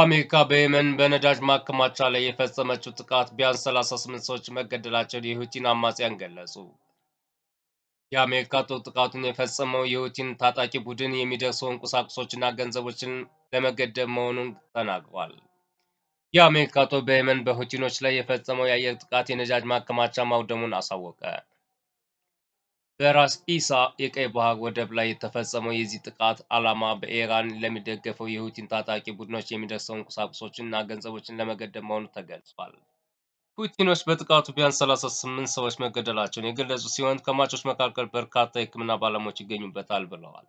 አሜሪካ በየመን በነዳጅ ማከማቻ ላይ የፈጸመችው ጥቃት ቢያንስ 38 ሰዎች መገደላቸውን የሁቲን አማጽያን ገለጹ። የአሜሪካ ጦር ጥቃቱን የፈጸመው የሁቲን ታጣቂ ቡድን የሚደርሰውን ቁሳቁሶችና ገንዘቦችን ለመገደብ መሆኑን ተናግሯል። የአሜሪካ ጦር በየመን በሁቲኖች ላይ የፈጸመው የአየር ጥቃት የነዳጅ ማከማቻ ማውደሙን አሳወቀ። በራስ ኢሳ የቀይ ባህር ወደብ ላይ የተፈጸመው የዚህ ጥቃት ዓላማ በኢራን ለሚደገፈው የሁቲን ታጣቂ ቡድኖች የሚደርሰውን ቁሳቁሶችንና ገንዘቦችን ለመገደብ መሆኑ ተገልጿል። ሁቲኖች በጥቃቱ ቢያንስ 38 ሰዎች መገደላቸውን የገለጹ ሲሆን ከሟቾች መካከል በርካታ የሕክምና ባለሙያዎች ይገኙበታል ብለዋል።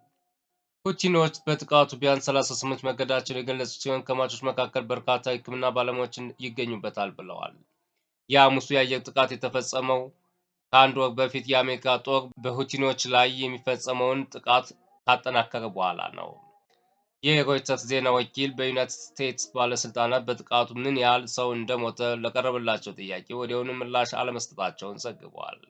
ሁቲኖች በጥቃቱ ቢያንስ 38 መገደላቸውን የገለጹ ሲሆን ከሟቾች መካከል በርካታ የሕክምና ባለሙያዎች ይገኙበታል ብለዋል። የሐሙሱ የአየር ጥቃት የተፈጸመው ከአንድ ወር በፊት የአሜሪካ ጦር በሁቲኖች ላይ የሚፈጸመውን ጥቃት ካጠናከረ በኋላ ነው። የሮይተርስ ዜና ወኪል በዩናይትድ ስቴትስ ባለስልጣናት በጥቃቱ ምን ያህል ሰው እንደሞተ ለቀረበላቸው ጥያቄ ወዲያውኑ ምላሽ አለመስጠታቸውን ዘግቧል።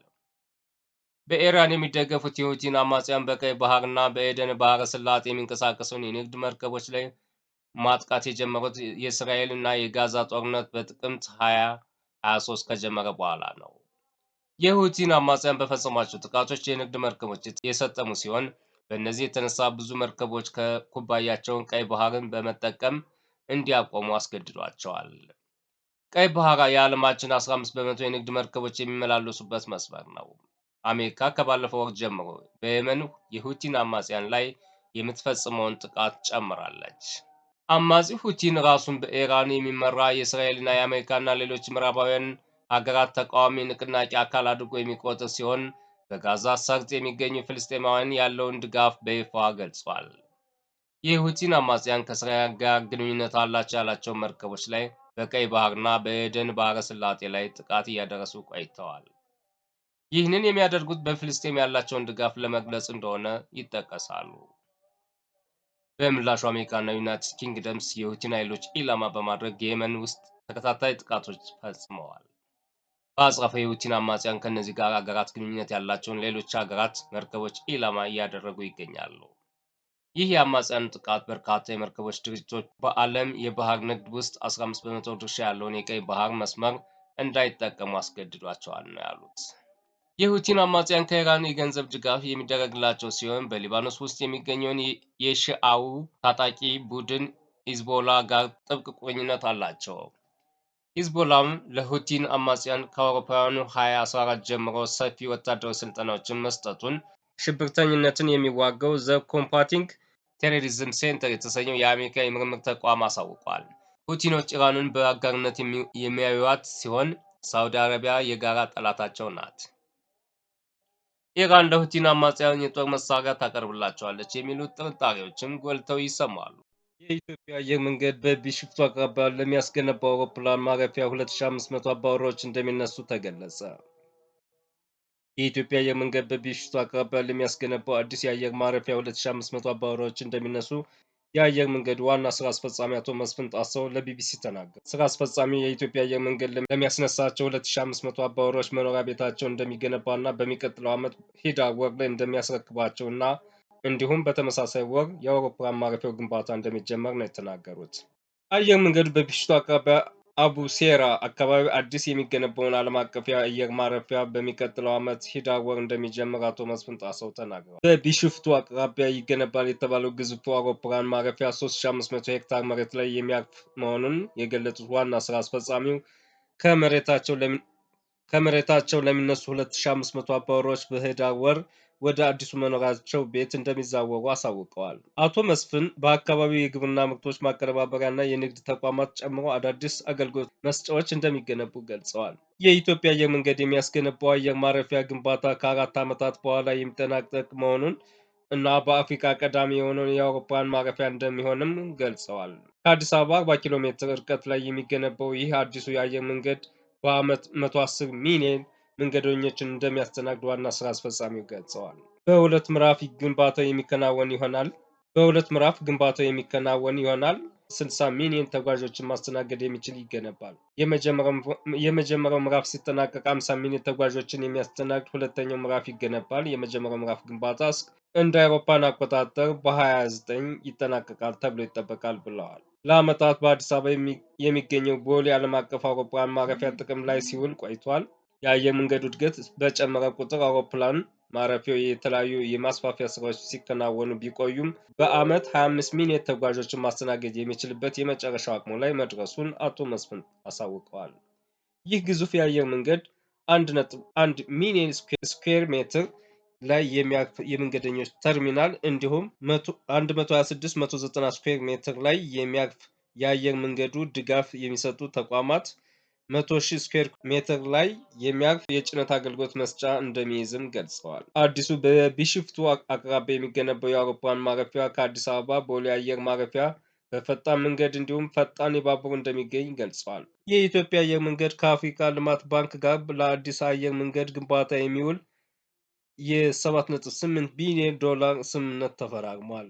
በኢራን የሚደገፉት የሁቲን አማጽያን በቀይ ባህርና በኤደን ባህረ ሰላጤ የሚንቀሳቀሰውን የንግድ መርከቦች ላይ ማጥቃት የጀመሩት የእስራኤል እና የጋዛ ጦርነት በጥቅምት 2023 ከጀመረ በኋላ ነው። የሁቲን አማጽያን በፈጸሟቸው ጥቃቶች የንግድ መርከቦች የሰጠሙ ሲሆን በእነዚህ የተነሳ ብዙ መርከቦች ከኩባያቸውን ቀይ ባህርን በመጠቀም እንዲያቆሙ አስገድዷቸዋል። ቀይ ባህር የዓለማችን 15 በመቶ የንግድ መርከቦች የሚመላለሱበት መስመር ነው። አሜሪካ ከባለፈው ወቅት ጀምሮ በየመን የሁቲን አማጽያን ላይ የምትፈጽመውን ጥቃት ጨምራለች። አማጺ ሁቲን ራሱን በኢራን የሚመራ የእስራኤልና የአሜሪካና ሌሎች ምዕራባውያን አገራት ተቃዋሚ ንቅናቄ አካል አድርጎ የሚቆጥር ሲሆን በጋዛ ሰርጥ የሚገኙ ፍልስጤማውያን ያለውን ድጋፍ በይፋ ገልጿል። የሁቲን አማጽያን ከእስራኤል ጋር ግንኙነት አላቸው ያላቸው መርከቦች ላይ በቀይ ባህርና በኤደን ባህረ ስላጤ ላይ ጥቃት እያደረሱ ቆይተዋል። ይህንን የሚያደርጉት በፍልስጤም ያላቸውን ድጋፍ ለመግለጽ እንደሆነ ይጠቀሳሉ። በምላሹ አሜሪካና ዩናይትድ ኪንግደምስ የሁቲን ኃይሎች ኢላማ በማድረግ የየመን ውስጥ ተከታታይ ጥቃቶች ፈጽመዋል። በአጸፋ የሁቲን አማጽያን ከእነዚህ ጋር አገራት ግንኙነት ያላቸውን ሌሎች አገራት መርከቦች ኢላማ እያደረጉ ይገኛሉ። ይህ የአማጽያን ጥቃት በርካታ የመርከቦች ድርጅቶች በዓለም የባህር ንግድ ውስጥ 15 በመቶ ድርሻ ያለውን የቀይ ባህር መስመር እንዳይጠቀሙ አስገድዷቸዋል ነው ያሉት። የሁቲን አማጽያን ከኢራን የገንዘብ ድጋፍ የሚደረግላቸው ሲሆን በሊባኖስ ውስጥ የሚገኘውን የሺአው ታጣቂ ቡድን ሂዝቦላ ጋር ጥብቅ ቁርኝነት አላቸው። ሂዝቦላም ለሁቲን አማጽያን ከአውሮፓውያኑ 2014 ጀምሮ ሰፊ ወታደራዊ ስልጠናዎችን መስጠቱን ሽብርተኝነትን የሚዋጋው ዘ ኮምፓቲንግ ቴሮሪዝም ሴንተር የተሰኘው የአሜሪካ የምርምር ተቋም አሳውቋል። ሁቲኖች ኢራንን በአጋርነት የሚያዩዋት ሲሆን ሳውዲ አረቢያ የጋራ ጠላታቸው ናት። ኢራን ለሁቲን አማጽያን የጦር መሳሪያ ታቀርብላቸዋለች የሚሉት ጥርጣሬዎችም ጎልተው ይሰማሉ። የኢትዮጵያ አየር መንገድ በቢሾፍቱ አቅራቢያ ለሚያስገነባው አውሮፕላን ማረፊያ 2500 አባወራዎች እንደሚነሱ ተገለጸ። የኢትዮጵያ አየር መንገድ በቢሾፍቱ አቅራቢያ ለሚያስገነባው አዲስ የአየር ማረፊያ 2500 አባወራዎች እንደሚነሱ የአየር መንገድ ዋና ስራ አስፈጻሚ አቶ መስፍን ጣሰው ለቢቢሲ ተናገሩ። ስራ አስፈጻሚ የኢትዮጵያ አየር መንገድ ለሚያስነሳቸው 2500 አባወራዎች መኖሪያ ቤታቸው እንደሚገነባና በሚቀጥለው ዓመት ሂዳር ወር ላይ እንደሚያስረክባቸው እና እንዲሁም በተመሳሳይ ወር የአውሮፕላን ማረፊያው ግንባታ እንደሚጀመር ነው የተናገሩት። አየር መንገዱ በቢሽቱ አቅራቢያ አቡሴራ አካባቢ አዲስ የሚገነባውን ዓለም አቀፍ የአየር ማረፊያ በሚቀጥለው ዓመት ሂዳ ወር እንደሚጀምር አቶ መስፍን ጣሰው ተናግረዋል። በቢሽፍቱ አቅራቢያ ይገነባል የተባለው ግዙፉ አውሮፕላን ማረፊያ 3500 ሄክታር መሬት ላይ የሚያርፍ መሆኑን የገለጹት ዋና ስራ አስፈጻሚው ከመሬታቸው ከመሬታቸው ለሚነሱ 2500 አባወራዎች በህዳር ወር ወደ አዲሱ መኖሪያቸው ቤት እንደሚዛወሩ አሳውቀዋል። አቶ መስፍን በአካባቢው የግብርና ምርቶች ማቀነባበሪያና የንግድ ተቋማት ጨምሮ አዳዲስ አገልግሎት መስጫዎች እንደሚገነቡ ገልጸዋል። የኢትዮጵያ አየር መንገድ የሚያስገነባው አየር ማረፊያ ግንባታ ከአራት ዓመታት በኋላ የሚጠናቀቅ መሆኑን እና በአፍሪካ ቀዳሚ የሆነውን የአውሮፓን ማረፊያ እንደሚሆንም ገልጸዋል። ከአዲስ አበባ 40 ኪሎ ሜትር ርቀት ላይ የሚገነባው ይህ አዲሱ የአየር መንገድ በዓመት 110 ሚሊዮን መንገደኞችን እንደሚያስተናግድ ዋና ስራ አስፈጻሚው ገልጸዋል። በሁለት ምዕራፍ ግንባታው የሚከናወን ይሆናል በሁለት ምዕራፍ ግንባታው የሚከናወን ይሆናል። 60 ሚሊዮን ተጓዦችን ማስተናገድ የሚችል ይገነባል። የመጀመሪያው ምዕራፍ ሲጠናቀቅ 50 ሚሊዮን ተጓዦችን የሚያስተናግድ ሁለተኛው ምዕራፍ ይገነባል። የመጀመሪያው ምዕራፍ ግንባታ እንደ አውሮፓን አቆጣጠር በ29 ይጠናቀቃል ተብሎ ይጠበቃል ብለዋል። ለዓመታት በአዲስ አበባ የሚገኘው ቦሌ ዓለም አቀፍ አውሮፕላን ማረፊያ ጥቅም ላይ ሲውል ቆይቷል። የአየር መንገዱ እድገት በጨመረ ቁጥር አውሮፕላን ማረፊያው የተለያዩ የማስፋፊያ ስራዎች ሲከናወኑ ቢቆዩም በዓመት 25 ሚሊዮን ተጓዦችን ማስተናገድ የሚችልበት የመጨረሻው አቅሙ ላይ መድረሱን አቶ መስፍን አሳውቀዋል። ይህ ግዙፍ የአየር መንገድ 1 ሚሊዮን ስኩዌር ሜትር ላይ የሚያርፍ የመንገደኞች ተርሚናል እንዲሁም 126,190 ስኩዌር ሜትር ላይ የሚያርፍ የአየር መንገዱ ድጋፍ የሚሰጡ ተቋማት 1000 ስኩዌር ሜትር ላይ የሚያርፍ የጭነት አገልግሎት መስጫ እንደሚይዝም ገልጸዋል። አዲሱ በቢሽፍቱ አቅራቢያ የሚገነባው የአውሮፕላን ማረፊያ ከአዲስ አበባ ቦሌ አየር ማረፊያ በፈጣን መንገድ እንዲሁም ፈጣን የባቡር እንደሚገኝ ገልጸዋል። የኢትዮጵያ አየር መንገድ ከአፍሪካ ልማት ባንክ ጋር ለአዲስ አየር መንገድ ግንባታ የሚውል የ7.8 ቢሊዮን ዶላር ስምምነት ተፈራርሟል።